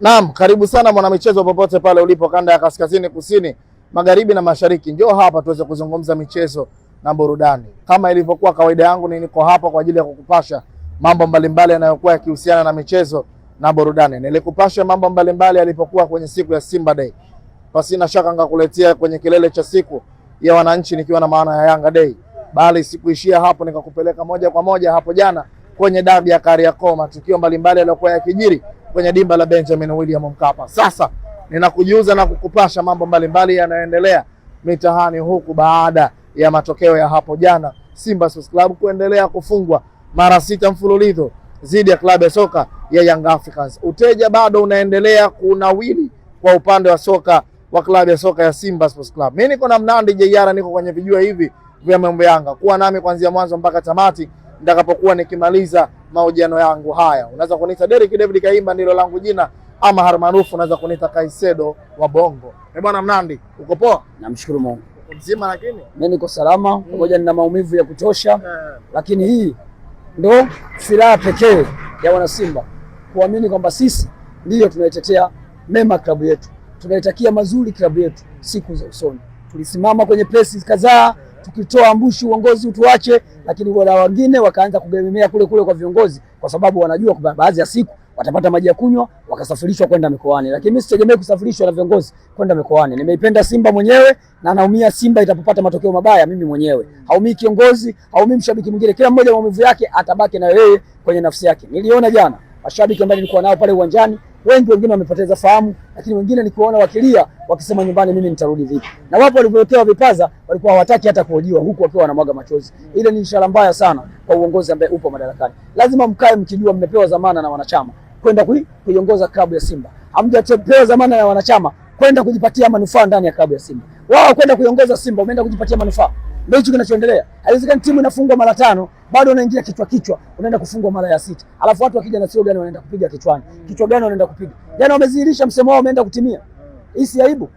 Naam, karibu sana mwanamichezo popote pale ulipo kanda ya kaskazini, kusini, magharibi na mashariki. Njoo hapa tuweze kuzungumza michezo na burudani. Kama ilivyokuwa kawaida yangu, niko hapa kwa ajili ya kukupasha mambo mbalimbali yanayokuwa yakihusiana na michezo na burudani. Nilikupasha mambo mbalimbali yalipokuwa kwenye siku ya Simba Day. Pasina shaka ngakuletea kwenye kilele cha siku ya wananchi nikiwa na maana ya Yanga Day. Bali sikuishia hapo, nikakupeleka moja kwa moja hapo jana kwenye dabi ya Kariakoo, matukio mbalimbali yaliyokuwa yakijiri kwenye dimba la Benjamin William Mkapa. Sasa ninakujuza na kukupasha mambo mbalimbali yanayoendelea mitahani huku baada ya matokeo ya hapo jana Simba Sports Club kuendelea kufungwa mara sita mfululizo dhidi ya klabu ya soka ya Young Africans. Uteja bado unaendelea kunawili kwa upande wa soka wa klabu ya soka ya Simba Sports Club. Mimi niko na Mnandi JR, niko kwenye vijua hivi vya mambo Yanga. Kuwa nami kuanzia mwanzo mpaka tamati nitakapokuwa nikimaliza mahojiano yangu haya. Unaweza kuniita Derrick David Kaimba, ndilo langu jina, ama harmaarufu unaweza kuniita Kaisedo wa Bongo. Eh, bwana Mnandi, uko poa? Namshukuru Mungu mzima, lakini mimi niko salama mm. pamoja mm. nina maumivu ya kutosha yeah. Lakini hii ndo silaha pekee ya wanasimba kuamini kwamba sisi ndiyo tunaitetea mema klabu yetu, tunaitakia mazuri klabu yetu siku za usoni. Tulisimama kwenye pesi kadhaa tukitoa mbushi uongozi utuache, lakini wala wengine wakaanza kugememea kule kule kwa viongozi, kwa sababu wanajua kwa baadhi ya siku watapata maji ya kunywa wakasafirishwa kwenda mikoani, lakini mimi sitegemei kusafirishwa na viongozi kwenda mikoani. Nimeipenda Simba mwenyewe na naumia Simba itapopata matokeo mabaya mimi mwenyewe. Haumii kiongozi, haumii mshabiki mwingine, kila mmoja maumivu yake atabaki na yeye kwenye nafsi yake. Niliona jana mashabiki ambao nilikuwa nao pale uwanjani wengi, wengine wamepoteza fahamu, lakini wengine nikiwaona wakilia wakisema nyumbani mimi nitarudi vipi? Na wapo walivyowekewa vipaza walikuwa hawataki hata kuhojiwa, huku wakiwa wanamwaga machozi. Ile ni ishara mbaya sana kwa uongozi ambaye upo madarakani. Lazima mkae mkijua mmepewa zamana na wanachama kwenda kuiongoza klabu ya Simba, hamjapewa zamana na wanachama kwenda kujipatia manufaa ndani ya klabu ya Simba. Wao kwenda kuiongoza Simba, umeenda kujipatia manufaa. Ndio hicho kinachoendelea. Haiwezekani timu inafungwa mara tano bado unaingia kichwa kichwa, unaenda kufungwa mara ya sita, alafu watu wakija na sio gani wanaenda kupiga kichwani, kichwa gani wanaenda kupiga jana. Yaani Wamezihirisha msemo wao, wameenda kutimia. Hii si aibu?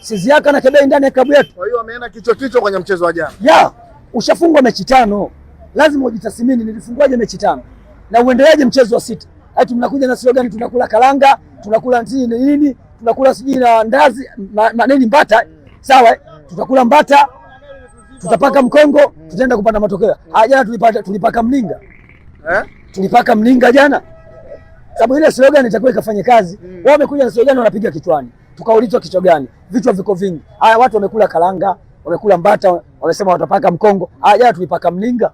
Siziaka na Kebei ndani ya klabu yetu. Kwa hiyo wameenda kichwa kichwa kwenye mchezo wa jana. Ya, ushafungwa mechi tano, lazima ujitathmini, nilifungwaje mechi tano na uendeleaje mchezo wa sita? Ati mnakuja na sio gani, tunakula karanga, tunakula nzii nini, tunakula sijui na ndazi maneni mbata. Sawa, tutakula mbata tutapaka mkongo tutaenda kupata matokeo hmm. Jana tulipata tulipaka mlinga eh? tulipaka mlinga jana, sababu ile slogan itakuwa ikafanye kazi hmm. Wao wamekuja na slogan wanapiga kichwani, tukaulizwa kichwa gani? Vichwa viko vingi. Haya, watu wamekula karanga, wamekula mbata, wamesema watapaka mkongo. Haya, ah, jana tulipaka mlinga,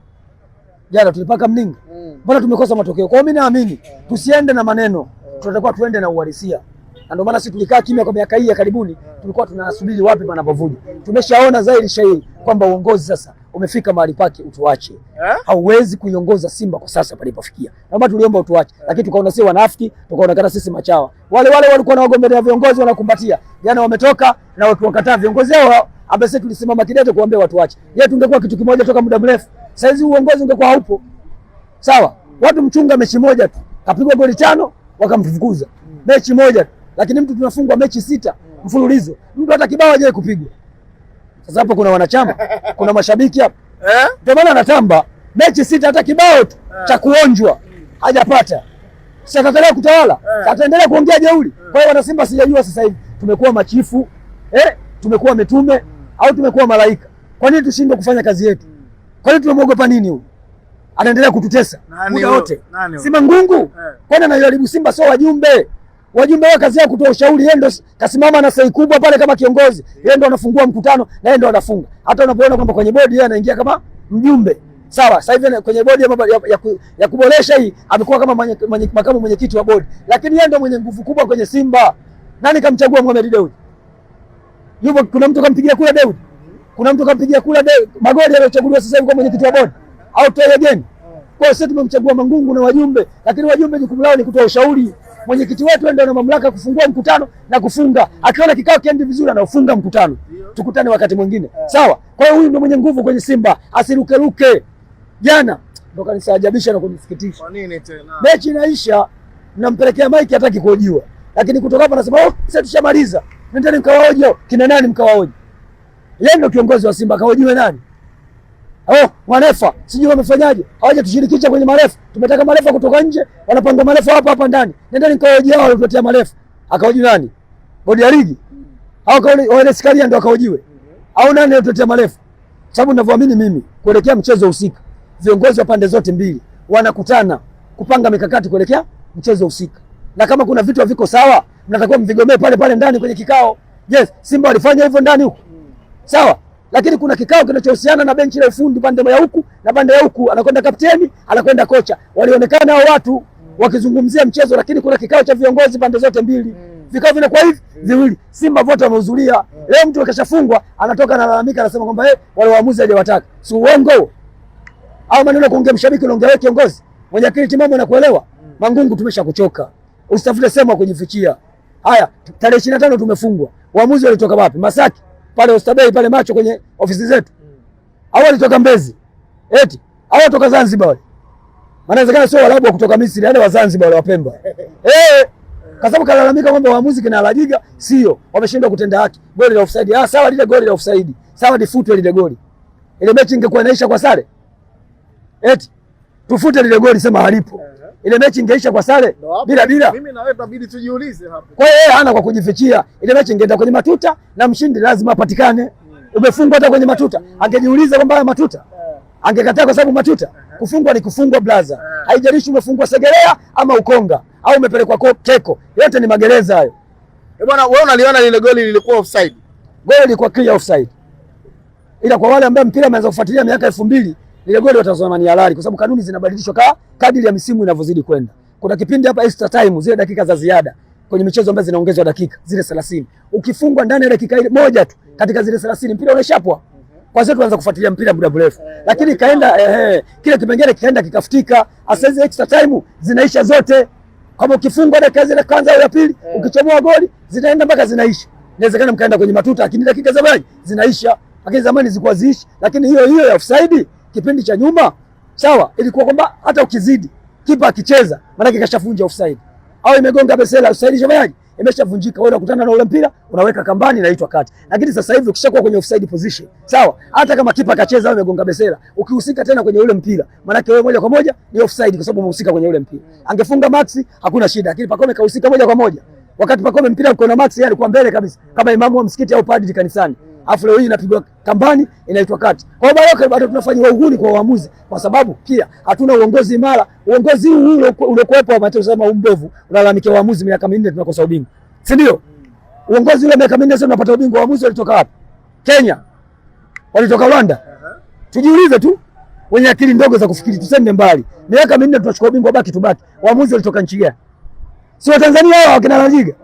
jana tulipaka mlinga, hmm. mbona tumekosa matokeo? Kwa hiyo mimi naamini hmm. tusiende na maneno, tunatakiwa tuende na uhalisia na ndio maana sisi tulikaa kimya kwa miaka hii ya karibuni, tulikuwa tunasubiri wapi panapovuja. Tumeshaona zaidi shahidi kwamba uongozi sasa umefika mahali pake, utuache eh? Hauwezi kuiongoza Simba kwa sasa palipofikia, naomba tuliomba utuache eh? Lakini tukaona sisi wanafiki, tukaonekana sisi machawa. Wale wale walikuwa wanagombelea viongozi wanakumbatia, jana wametoka na watu wakataa viongozi hao, ambaye sisi tulisimama kidete kuambia watu wache. Yeye tungekuwa kitu kimoja toka muda mrefu, sasa hizi uongozi ungekuwa haupo. Sawa, watu mchunga mechi moja tu kapigwa goli tano wakamfukuza, mechi moja tu lakini mtu tunafungwa mechi sita mfululizo, mtu hata kibao hajawahi kupigwa. Sasa hapo kuna wanachama, kuna mashabiki hapo, eh? ndio maana anatamba mechi sita, hata kibao tu eh. cha kuonjwa hajapata. Sasa ataendelea kutawala, eh. ataendelea kuongea jeuri. Kwa hiyo wana Simba, sijajua sasa hivi tumekuwa machifu eh, tumekuwa mitume au tumekuwa malaika? Kwa nini tushindwe kufanya kazi yetu? Kwa nini tunamwogopa nini huyu? Anaendelea kututesa muda wote, Simba ngungu. Kwani anaharibu Simba sio wajumbe wajumbe wao kazi yao kutoa ushauri. Yeye ndo kasimama na sahihi kubwa pale kama kiongozi, yeye ndo anafungua mkutano na yeye ndo anafunga. Hata unapoona kwamba kwenye bodi yeye anaingia kama mjumbe sawa. Sasa hivi kwenye bodi ya, ya, ya kuboresha hii amekuwa kama manye, manye, makamu mwenyekiti wa bodi, lakini yeye ndo mwenye nguvu kubwa kwenye Simba. Nani kamchagua Mohamed Dewji? Yupo, kuna mtu kampigia kura Dewji? Kuna mtu kampigia kura Dewji? Magoli aliyochaguliwa sasa hivi kwa mwenyekiti wa bodi au toyegeni? Kwa hiyo sisi tumemchagua Mangungu na wajumbe, lakini wajumbe jukumu lao ni kutoa ushauri mwenyekiti wetu ndio ana mamlaka kufungua mkutano na kufunga. Akiona kikao kiende vizuri, anaofunga mkutano. Tukutane wakati mwingine, eh. sawa? Kwa hiyo huyu ndio mwenye nguvu kwenye Simba, asirukeruke. Jana ndo kanisaajabisha na kunisikitisha. Kwa nini tena? Mechi inaisha, nampelekea maiki, hataki kuhojiwa, lakini kutoka hapa anasema oh, sasa tushamaliza, nendeni mkawaoje kina nani, mkawaoje. Yeye ndio kiongozi wa Simba, kahojiwe nani? Oh, marefa sijui wamefanyaje, tushirikisha kwenye marefa. Tumetaka marefa kutoka nje, wanapanga marefa hapa hapa ndani. Nenda kawaji hao waliotuletea marefa. Akawaji nani? Bodi ya ligi au kauli wale waeleskaria ndio akaojiwe au nani aliotuletea marefa? Sababu ninavyoamini mimi, kuelekea mchezo husika, viongozi wa pande zote mbili wanakutana kupanga mikakati kuelekea mchezo husika, na kama kuna vitu haviko sawa, mnatakiwa mvigomee pale pale ndani kwenye kikao. Yes, Simba walifanya hivyo ndani huko, sawa lakini kuna kikao kinachohusiana na benchi la ufundi pande ya huku na pande ya huku, anakwenda kapteni, anakwenda kocha. Walionekana hao watu wakizungumzia mchezo, lakini kuna kikao cha viongozi pande zote mbili, mm. vikao vinakuwa hivi mm. viwili. Simba vote wamehudhuria mm. leo. Mtu akishafungwa anatoka analalamika, anasema kwamba eh, wale waamuzi hajawataka. Si uongo au maneno kuongea mshabiki, unaongea wewe kiongozi mwenye akili timamu, anakuelewa. Mangungu, tumeshakuchoka, usitafute sema kujifichia. Haya, tarehe 25 tumefungwa, waamuzi walitoka wapi? Masaki pale Ostabei pale macho kwenye ofisi zetu mm. au alitoka Mbezi eti au kutoka Zanzibar wale, maana inawezekana sio Waarabu wa kutoka Misri, yani wa Zanzibar wale Wapemba eh, kwa sababu kalalamika kwamba waamuzi kina Alajiga sio wameshindwa kutenda haki, goli la ofsaidi Ah, sawa lile goli la ofsaidi sawa difutwe lile goli, ile mechi ingekuwa inaisha kwa sare, eti tufute lile goli, sema halipo ile mechi ingeisha kwa sare bila bila. Mimi na wewe tabidi tujiulize hapo. Kwa hiyo yeye hana kwa kujifichia, ile mechi ingeenda kwenye matuta na mshindi lazima apatikane. Mm. Umefungwa hata kwenye matuta, hmm. angejiuliza kwamba haya matuta yeah. Angekataa kwa sababu matuta -huh. Eh. Kufungwa ni kufungwa blaza yeah. Haijalishi umefungwa Segerea ama Ukonga au umepelekwa Keko, yote ni magereza hayo. Eh, bwana wewe unaliona lile goli lilikuwa offside? Goli lilikuwa clear offside, ila kwa wale ambao mpira ameanza kufuatilia miaka elfu mbili lile goli watazama ni halali, kwa sababu kanuni zinabadilishwa ka kadiri ya misimu inavyozidi kwenda. Kuna kipindi hapa extra time, zile dakika za ziada kwenye michezo ambayo zinaongezwa dakika zile 30, ukifungwa ndani ya dakika ile moja tu katika zile 30 mpira unashapwa. Kwa sababu tuanza kufuatilia mpira muda mrefu, lakini kaenda eh, kile kipengele kikaenda kikafutika. Sasa hizi extra time zinaisha zote, kama ukifungwa dakika zile kwanza au ya pili eh. ukichomoa goli zinaenda mpaka zinaisha. Inawezekana mkaenda kwenye matuta, lakini dakika za maji zinaisha, lakini zamani zilikuwa ziishi, lakini hiyo hiyo ya offside kipindi cha nyuma, sawa, ilikuwa kwamba hata ukizidi kipa akicheza, maanake kashafunja offside au imegonga besela, offside shomaji imeshavunjika, wewe unakutana na ule mpira unaweka kambani, na inaitwa kati. Lakini sasa hivi ukishakuwa kwenye offside position, sawa, hata kama kipa akacheza au imegonga besela, ukihusika tena kwenye ule mpira, maana yake wewe moja kwa moja ni offside, kwa sababu umehusika kwenye ule mpira. Angefunga Max hakuna shida, lakini Pacome kahusika moja kwa moja. Wakati Pacome mpira uko na Max, yeye alikuwa mbele kabisa, kama imamu wa msikiti au padri kanisani afu leo hii inapigwa kambani inaitwa kati. Kwa hiyo Baroka bado tunafanya uhuni kwa waamuzi, kwa sababu pia hatuna uongozi imara. Uongozi huu ule uliokuwepo wa Mateo sema umbovu, unalalamikia waamuzi, miaka minne tunakosa ubingwa, si ndio? Uongozi ule miaka minne sasa tunapata ubingwa, waamuzi walitoka wapi? Kenya walitoka Rwanda. Tujiulize tu wenye akili ndogo za kufikiri, tusende mbali. Miaka minne tunachukua ubingwa, baki tubaki, waamuzi walitoka nchi gani? Si Tanzania hawa wakina Lajiga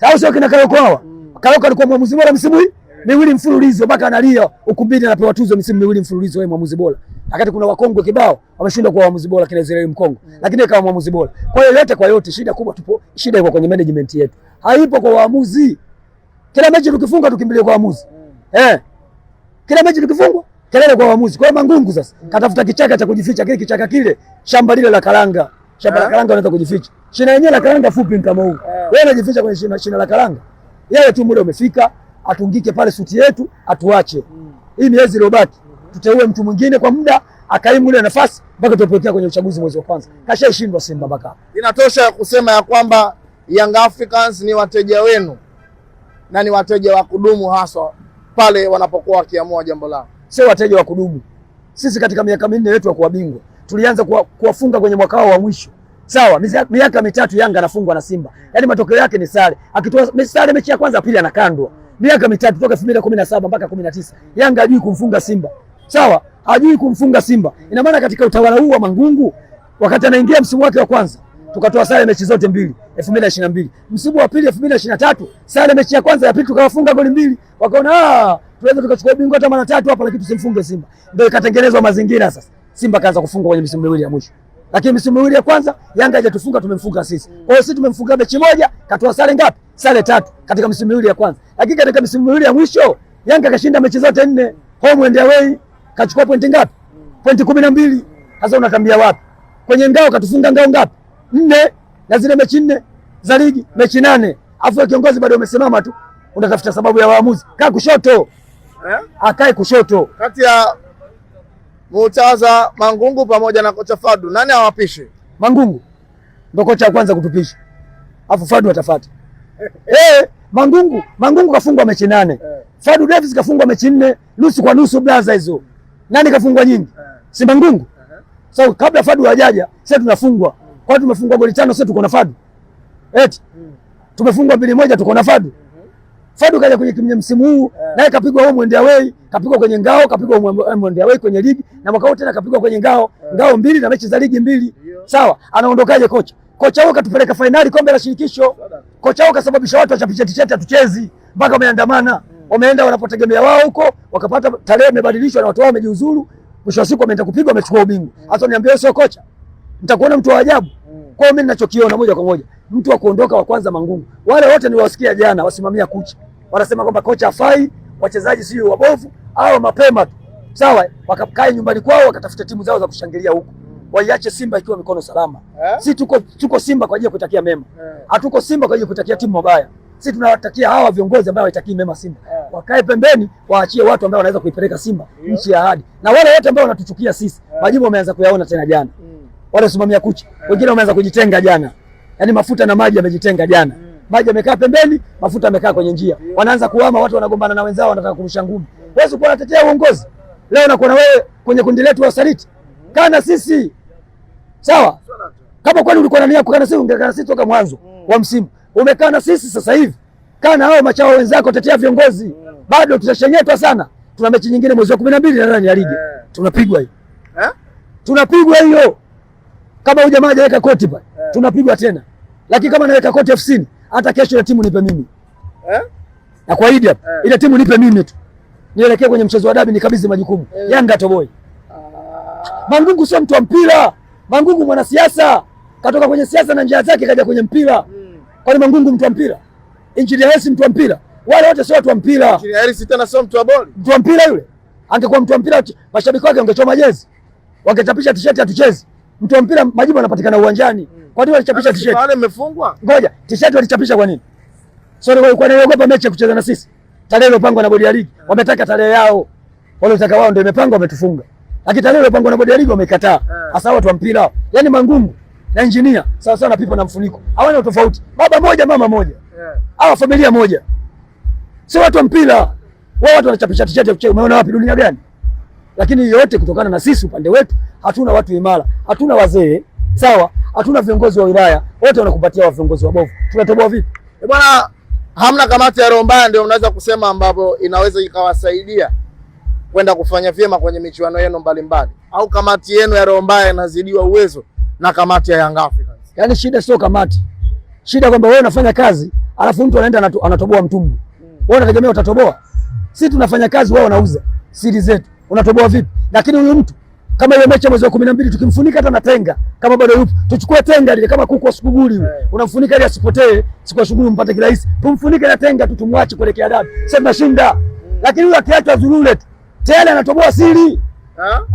au sio? Wakina Karoka hawa, mm. Karoka alikuwa mwamuzi bora msimu hii miwili mfululizo mpaka analia ukumbini, anapewa tuzo misimu miwili mfululizo, wewe mwamuzi bora, wakati kuna wakongwe kibao wameshindwa kuwa mwamuzi bora, kina Israel Mkongo mm. lakini akawa mwamuzi bora. Kwa hiyo yote kwa yote, shida kubwa tupo, shida iko kwenye management yetu, haipo kwa waamuzi. Kila mechi tukifunga tukimbilie kwa waamuzi mm. eh, kila mechi tukifungwa kelele kwa waamuzi. Kwa hiyo Mangungu sasa mm. katafuta kichaka cha kujificha, kile kichaka kile, shamba lile la karanga, shamba la eh? karanga unaweza kujificha, shina yenyewe la karanga fupi kama huu, eh. wewe unajificha kwenye shina, shina la karanga, yeye tu muda umefika atungike pale suti yetu atuache mm. hii miezi iliyobaki mm -hmm. tuteue mtu mwingine kwa muda akaimu ile nafasi mpaka tupokea kwenye uchaguzi mwezi wa kwanza. mm. Kashaishindwa Simba baka. Inatosha kusema ya kwamba Young Africans ni wateja wenu na ni wateja wa kudumu haswa pale wanapokuwa wakiamua jambo lao. Sio wateja wa kudumu sisi, katika miaka minne yetu ya kuwa bingwa tulianza kuwafunga kwenye mwaka wao wa mwisho Sawa, miaka mitatu Yanga anafungwa na Simba, yaani matokeo yake ni sare. Akitoa sare mechi ya kwanza, pili anakandwa miaka mitatu toka 2017 mpaka 19 Yanga hajui kumfunga Simba. Sawa, hajui kumfunga Simba. Ina maana katika utawala huu wa Mangungu, wakati anaingia msimu wake wa kwanza tukatoa sare mechi zote mbili 2022. Msimu wa pili 2023, sare mechi ya kwanza ya pili tukawafunga goli mbili. Wakaona ah, tunaweza tukachukua ubingwa hata mara tatu hapa, lakini tusimfunge Simba. Ndio ikatengenezwa mazingira sasa. Simba kaanza kufunga kwenye misimu miwili ya mwisho. Lakini misimu miwili ya kwanza Yanga hajatufunga, tumemfunga sisi. Kwa hiyo sisi tumemfunga mechi moja, katoa sare ngapi? sare tatu katika msimu miwili ya kwanza, lakini katika msimu miwili ya mwisho Yanga kashinda mechi zote nne home and away, kachukua pointi ngapi? Pointi kumi na mbili. Sasa unatambia wapi? Kwenye ngao katufunga ngao ngapi? Nne, na zile mechi nne za ligi mechi nane, afu ya kiongozi bado umesimama tu, unatafuta sababu ya waamuzi. Kaa kushoto eh? Akae ah, kushoto. Kati ya Mutaza Mangungu pamoja na kocha Fadu, nani awapishe? Mangungu ndio kocha wa kwanza kutupisha, afu Fadu atafuata eh, Mangungu Mangungu kafungwa mechi nane hey. Eh. Fadu Davis kafungwa mechi nne nusu kwa nusu blaza hizo. Nani kafungwa nyingi? hey. Eh. Si Mangungu uh -huh. So kabla Fadu hajaja sasa tunafungwa hmm. Kwa tumefungwa goli tano sasa tuko na Fadu eti hmm. Tumefungwa mbili moja tuko na Fadu mhm. Fadu kaja kwenye kimya msimu huu yeah. Naye kapigwa home and away kapigwa kwenye ngao kapigwa home and away kwenye ligi na mwaka wote na kapigwa kwenye ngao yeah. Ngao mbili na mechi za ligi mbili yeah. Sawa, anaondokaje kocha? kocha wao katupeleka fainali kombe la shirikisho, kocha wao kasababisha watu wachapishe tisheti hatuchezi, mpaka wameandamana wameenda wanapotegemea wao huko, wakapata tarehe imebadilishwa na watu wao wamejiuzuru, mwisho wa siku wameenda kupigwa, wamechukua ubingwa. Hasa niambie, sio kocha, nitakuona mtu wa ajabu. Kwa hiyo mimi ninachokiona moja kwa moja, mtu wa kuondoka wa kwanza Mangungu. Wale wote niliwasikia jana wasimamia kucha, wanasema kwamba kocha afai, wachezaji sio wabovu, au mapema tu sawa, wakakae nyumbani kwao wakatafuta timu zao za kushangilia huko waiache Simba ikiwa mikono salama eh? Si tuko, tuko Simba kwa ajili ya kutakia mema eh. hatuko eh? Simba kwa ajili ya kutakia timu mabaya. Si tunawatakia hawa viongozi ambao hawaitakii mema Simba eh? Wakae pembeni, waachie watu ambao wanaweza kuipeleka Simba yeah, nchi ya ahadi, na wale wote ambao wanatuchukia sisi eh? Majibu wameanza kuyaona tena jana mm. Wale simamia kucha eh? Wengine wameanza kujitenga jana, yaani mafuta na maji yamejitenga jana mm. Maji yamekaa pembeni, mafuta yamekaa kwenye njia, wanaanza kuhama, watu wanagombana na wenzao, wanataka kurusha ngumi. Wewe unatetea uongozi leo, nakuona wewe kwenye kundi letu wa usaliti. Mm-hmm. Kaa na sisi sawa. Kama kweli ulikuwa na nia kukaa na sisi, ungekaa na sisi toka mwanzo mm. wa msimu. Umekaa na sisi sasa hivi, kaa na hao machao wenzako, tetea viongozi mm. bado tutashenyetwa sana. Tuna mechi nyingine mwezi wa kumi na mbili nadhani ya ligi eh. tunapigwa hiyo eh? tunapigwa hiyo kama huyu jamaa hajaweka koti pale eh. tunapigwa tena, lakini kama anaweka koti ofisini, hata kesho ile timu nipe mimi eh? na kwa hidi hapa eh. ile timu nipe mimi tu nielekee kwenye mchezo wa dabi, nikabidhi majukumu eh. Yanga toboy ah. Mangungu sio mtu wa mpira. Mangungu mwanasiasa katoka kwenye siasa na njia zake kaja kwenye mpira mm. Kwani Mangungu mtu wa mpira? Injinia Hersi mtu wa mpira? Wale wote sio watu wa mpira. Injinia Hersi tena sio mtu wa boli, mtu wa mpira yule. Angekuwa mtu wa mpira, mashabiki wake wangechoma jezi, wangechapisha tisheti hatuchezi. Mtu wa mpira, majibu anapatikana uwanjani. Hmm. Kwa nini walichapisha tisheti wale? Mmefungwa ngoja, tisheti walichapisha kwa nini? Sio kwa kwa niogopa mechi ya kucheza na sisi tarehe iliyopangwa na bodi ya ligi, hmm. wametaka tarehe yao, wale utaka wao ndio imepangwa, wametufunga lakini tarehe iliyopangwa na bodi ya ligi wamekataa. Eh. Hasa watu wa mpira. Yaani Mangungu na injinia sawa sawa na pipa na mfuniko. Hawana tofauti. Baba moja, mama moja. yeah. Au familia moja. Sio watu wa mpira. Wao watu wanachapisha tishati ya kucheza. Umeona wapi dunia gani? Lakini yote kutokana na sisi upande wetu hatuna watu imara, hatuna wazee, sawa? Hatuna viongozi wa wilaya. Wote wanakupatia wa viongozi wabovu. Tunatoboa vipi? Eh, bwana hamna kamati ya roho mbaya ndio unaweza kusema ambapo inaweza ikawasaidia kwenda kufanya vyema kwenye michuano yenu mbalimbali, au kamati yenu ya Roho Mbaya inazidiwa uwezo na kamati ya Young Africans? Yaani shida sio kamati, shida kwamba wewe unafanya kazi alafu mtu anaenda anatoboa mtumbu. Wewe unategemea utatoboa? Sisi tunafanya kazi, wao wanauza siri zetu, unatoboa vipi? Lakini huyu mtu kama ile mechi mwezi wa 12 tukimfunika hata na tenga, kama bado yupo, tuchukue tenga lile, kama kuku asikuguli huyo, eh. unamfunika ili asipotee, siku shughuli mpate kirahisi, tumfunike na tenga tu, tumwache kuelekea dabi, shinda. Mm. Lakini huyu akiacha zurule tu tena anatoboa siri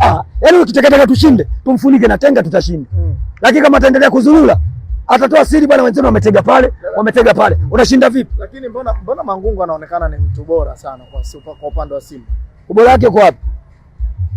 ah, yaani ukitegetega tushinde, tumfunike na tenga, tutashinda mm. Lakini kama ataendelea kuzurura atatoa siri bwana, wenzenu wametega pale, wametega pale, unashinda vipi? Lakini mbona mbona Mangungu anaonekana ni mtu bora sana kwa kwa upande wa Simba, ubora wake uko wapi?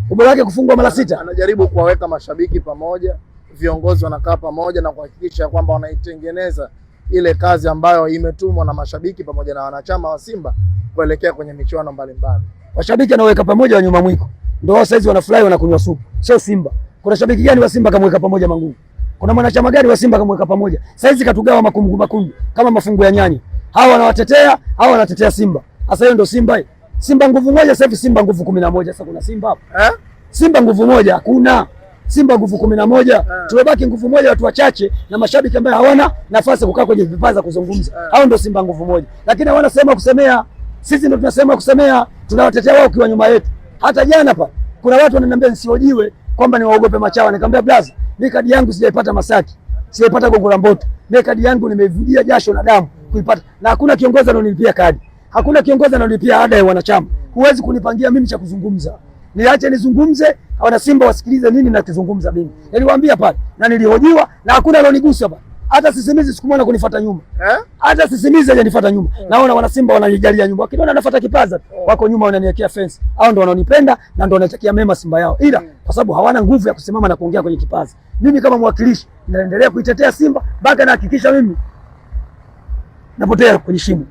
Ubora wake kufungwa mara sita, anajaribu kuwaweka mashabiki pamoja, viongozi wanakaa pamoja na kuhakikisha kwamba wanaitengeneza ile kazi ambayo imetumwa na mashabiki pamoja na wanachama wa Simba kuelekea kwenye michuano mbalimbali. Washabiki anaweka pamoja wanyuma mwiko, ndio wao saizi wanafurahi, wanakunywa supu, sio Simba. Kuna shabiki gani wa Simba kamweka pamoja Mangungu? Kuna mwanachama gani wa Simba kamweka pamoja? Saizi katugawa makungu makungu kama mafungu ya nyanya, hawa wanawatetea, hawa wanatetea Simba. Sasa hiyo ndio Simba hii. Simba nguvu moja sasa hivi, Simba nguvu kumi na moja. Sasa kuna Simba hapa eh? Simba nguvu moja hakuna. Simba nguvu kumi na moja, ah. tumebaki nguvu moja, watu wachache na mashabiki ambao hawana nafasi kukaa kwenye vipaza kuzungumza. Ah. Hao ndio Simba nguvu moja, lakini hawana sehemu ya kusemea. Sisi ndio tunasema kusemea, tunawatetea wao ukiwa nyuma yetu. Hata jana pa kuna watu wananiambia nisiojiwe kwamba niwaogope machawa, nikamwambia blaza, mimi kadi yangu sijaipata Masaki, sijaipata Gongo la Mboto, mimi kadi yangu nimevujia jasho na damu kuipata, na hakuna kiongozi anonilipia kadi, hakuna kiongozi anonilipia ada ya wanachama. Huwezi kunipangia mimi cha kuzungumza niache nizungumze, wana Simba wasikilize nini nakizungumza mimi. Niliwaambia pale na nilihojiwa na hakuna alionigusa hapa. Hata sisimizi sikumwona kunifuata nyuma. Eh? Hata sisimizi hajanifuata nyuma. Eh. Naona wana Simba wananijalia nyumba. Wakiona anafuata kipaza eh. wako nyuma wananiwekea fence. Hao ndio wanaonipenda na ndio wanachakia mema Simba yao. Ila hmm. kwa sababu hawana nguvu ya kusimama na kuongea kwenye kipaza. Mimi kama mwakilishi naendelea kuitetea Simba mpaka nahakikisha mimi napotea kwenye shimo.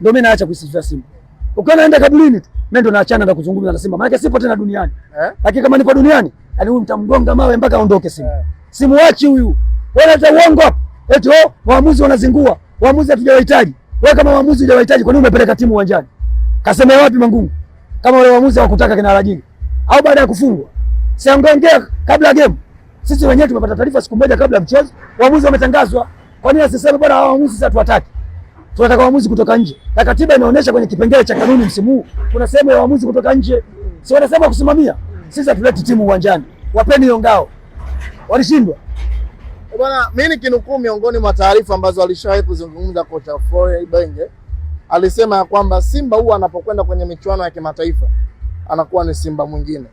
Ndio mimi naacha kuisifia Simba. Ukiona naenda kaburini tu, mimi ndo naachana na kuzungumza na Simba. Maana sipo tena duniani. Eh? Lakini kama nipo duniani, yani huyu mtamgonga mawe mpaka aondoke Simba. Eh? Simuachi huyu. Wewe hata uongo hapo. Eti oh, waamuzi wanazingua. Waamuzi hatujawahitaji. Wewe kama waamuzi hujawahitaji, kwa nini umepeleka timu uwanjani? Kasema wapi Mangungu? Kama wale waamuzi hawakutaka kina Rajini. Au baada ya kufungwa. Siangongea kabla ya game. Sisi wenyewe tumepata taarifa siku moja kabla ya mchezo, waamuzi wametangazwa. Kwa nini asiseme bwana, hawa waamuzi sasa tuwataki? tunataka waamuzi kutoka nje, na katiba inaonyesha kwenye kipengele cha kanuni msimu huu kuna sehemu ya waamuzi kutoka nje, si wanasema kusimamia. Sisi hatuleti timu uwanjani, wapeni hiyo ngao, walishindwa eh, bwana. Mimi nikinukuu miongoni mwa taarifa ambazo alishawahi kuzungumza kocha Foy Benge alisema ya kwamba Simba huwa anapokwenda kwenye michuano ya kimataifa anakuwa ni Simba mwingine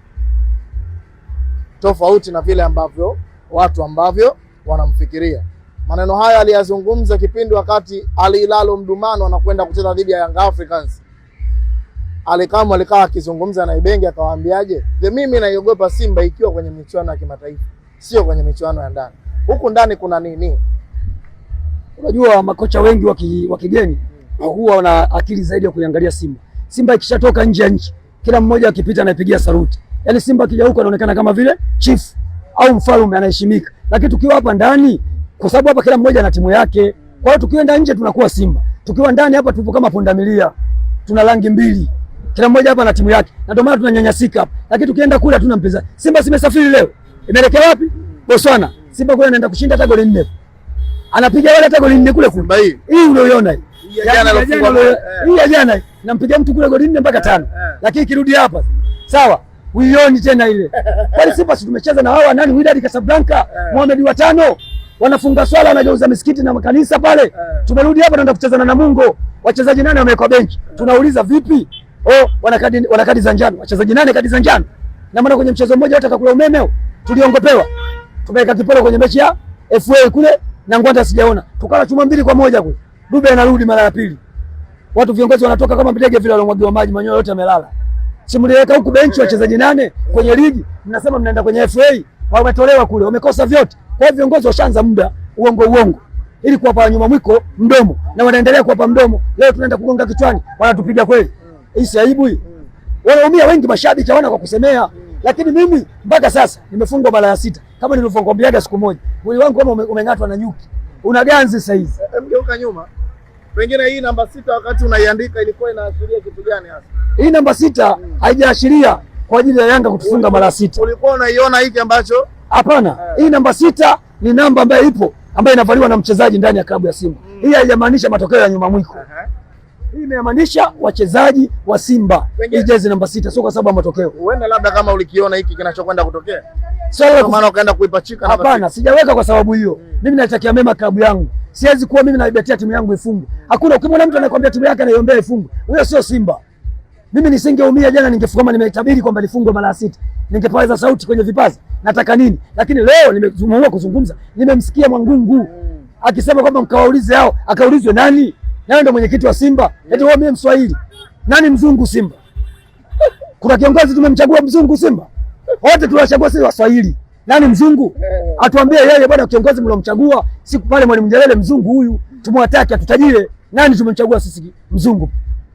tofauti na vile ambavyo watu ambavyo wanamfikiria. Maneno haya aliyazungumza kipindi wakati Al Hilal Mdumano anakwenda kucheza dhidi ya Young Africans. Alikamwe alikaa akizungumza na Ibenge akawaambiaje? The mimi naiogopa Simba ikiwa kwenye michuano ya kimataifa, sio kwenye michuano ya ndani. Huku ndani kuna nini? Unajua makocha wengi wa wa kigeni hmm, huwa wana akili zaidi ya kuiangalia Simba. Simba ikishatoka nje ya nchi, kila mmoja akipita anapigia saruti. Yaani Simba akija huko anaonekana kama vile chief au mfalme anaheshimika. Lakini tukiwa hapa ndani kwa sababu hapa kila mmoja na timu yake. Kwa hiyo tukienda nje tunakuwa Simba, tukiwa ndani hapa tupo kama pundamilia, tuna rangi mbili, kila mmoja hapa na timu yake, na ndio maana tunanyanyasika hapa. Lakini tukienda kule hatuna mpinzani. Simba simesafiri leo, imeelekea wapi? Botswana. Simba kule anaenda kushinda hata goli nne, anapiga wale hata goli nne kule kule. Hii unayoiona hii hii ya jana yaani, yaani, nampiga mtu kule goli nne mpaka eh, tano, eh. lakini kirudi hapa sawa uioni tena ile. Kwani Simba si tumecheza na wao nani? Wydad Casablanca, eh. Mohamed watano wanafunga swala wanageuza misikiti na makanisa pale. Eh. Tumerudi hapa tunaenda kuchezana na Mungu. Wachezaji nani wamewekwa benchi, eh. tunauliza vipi? Oh, wana kadi, wana kadi za njano. Wachezaji nani kadi za njano, na maana kwenye mchezo mmoja hata kakula umeme tuliongopewa, tumeweka kipolo kwenye mechi ya FA kule na Ngwanda, sijaona tukala chuma mbili kwa moja kule. Dube anarudi mara ya pili, watu viongozi wanatoka kama ndege vile walomwagiwa maji, manyoya yote yamelala. Si mliweka huku benchi wachezaji nane kwenye ligi, mnasema mnaenda kwenye FA, wametolewa kule, wamekosa vyote. Kwa hiyo viongozi washaanza muda uongo uongo, ili kuwapa nyuma mwiko mdomo, na wanaendelea kuwapa mdomo. Leo tunaenda kugonga kichwani, wanatupiga kweli. Hii si aibu hii? Wanaumia wengi, mashabiki hawana kwa kusemea lakini mimi mpaka sasa nimefungwa mara ya sita, kama nilivyokwambiaga siku moja, mwili wangu kama umeng'atwa na nyuki, una ganzi sasa hivi. Mgeuka eh, nyuma, pengine hii namba sita wakati unaiandika ilikuwa inaashiria kitu gani hasa? Hii namba sita haijaashiria kwa ajili ya Yanga kutufunga mara sita. Ulikuwa unaiona hiki ambacho Hapana, eh. hii namba sita ni namba ambayo ipo ambayo inavaliwa na mchezaji ndani ya klabu ya Simba. Mm. Hii haijamaanisha matokeo ya nyuma mwiko. Hii imemaanisha wachezaji wa Simba hii jezi namba sita, sio kwa sababu ya matokeo. Huenda labda kama ulikiona hiki kinachokwenda kutokea, sio maana ukaenda kuipachika. Hapana, sijaweka kwa sababu hiyo. Mm. Mimi naitakia mema klabu yangu, siwezi kuwa mimi naibetea timu yangu ifungwe. Hakuna, ukimwona mtu anakuambia timu yake anaiombea ifungwe, huyo sio Simba. Mimi nisingeumia jana, ningefukama nimetabiri kwamba nifungwe mara sita, ningepaza sauti kwenye vipaza, nataka nini? Lakini leo nimeamua kuzungumza, nimemsikia Mwangungu akisema kwamba mkawaulize hao, akaulizwe nani? Nani ndo mwenyekiti wa Simba. Eti wao mimi Mswahili. Nani mzungu Simba? Kuna kiongozi tumemchagua mzungu Simba? Wote tunachagua sisi Waswahili. Nani mzungu? Atuambie yeye bwana kiongozi mlomchagua, siku pale Mwalimu Nyerere mzungu huyu, tumwataki atutajie nani tumemchagua sisi mzungu.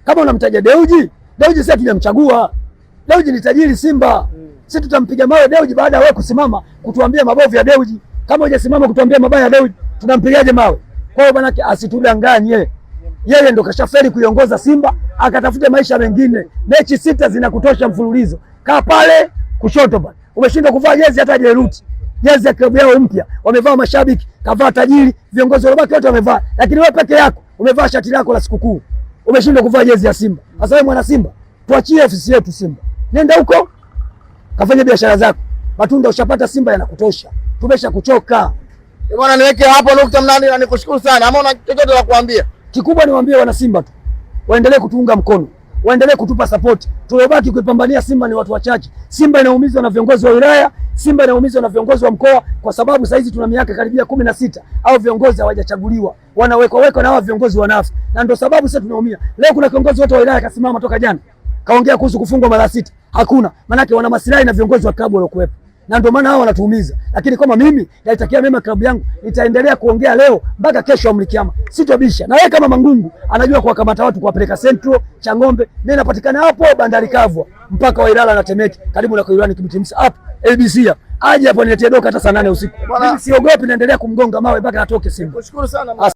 Kama unamtaja Deuji, Dewji si hatujamchagua. Dewji ni tajiri Simba. Mm. Sisi tutampiga mawe Dewji baada ya wewe kusimama kutuambia mabovu ya Dewji. Kama hujasimama kutuambia mabaya ya Dewji, tunampigaje mawe? Kwa hiyo bwana asitudanganye. Yeye ndo kashafeli kuiongoza Simba, akatafute maisha mengine. Mechi sita zinakutosha mfululizo. Kaa pale kushoto bwana. Umeshindwa kuvaa jezi hata jeruti. Jezi ya klabu yao mpya. Wamevaa mashabiki, kavaa tajiri, viongozi waliobaki wote wamevaa. Lakini wewe peke yako umevaa shati lako la sikukuu. Umeshindwa kuvaa jezi ya Simba. Asawe mwana Simba, tuachie ofisi yetu Simba, nenda huko kafanya biashara zako, matunda ushapata Simba yanakutosha, tumesha kuchoka bwana. Niweke hapo nukta mnani, na nikushukuru sana. Ama una chochote la kuambia? Kikubwa niwaambie wana Simba tu waendelee kutuunga mkono waendelee kutupa support. Tuliobaki kuipambania Simba ni watu wachache. Simba inaumizwa na viongozi wa wilaya, Simba inaumizwa na viongozi wa mkoa, kwa sababu saizi tuna miaka karibia kumi na sita au viongozi hawajachaguliwa, wanawekwa wekwa na hawa viongozi wanafu, na ndio sababu sasa tunaumia. Leo kuna kiongozi wote wa wilaya kasimama toka jana kaongea kuhusu kufungwa mara sita, hakuna maanake, wana masilahi na viongozi wa klabu waliokuwepo na ndio maana hao wanatuumiza. Lakini kama mimi naitakia mema klabu yangu, nitaendelea kuongea leo mpaka kesho amri kiama, sitobisha. Na yeye kama Mangungu anajua kuwakamata watu kuwapeleka Central Changombe, mimi napatikana hapo bandari Kavwa mpaka wa Ilala na Temeke, karibu na Kuirani Kibitimsa, hapo ABC ya aje hapo niletee doka hata saa nane usiku. Mimi siogopi, naendelea kumgonga mawe mpaka atoke Simba. Kushukuru sana.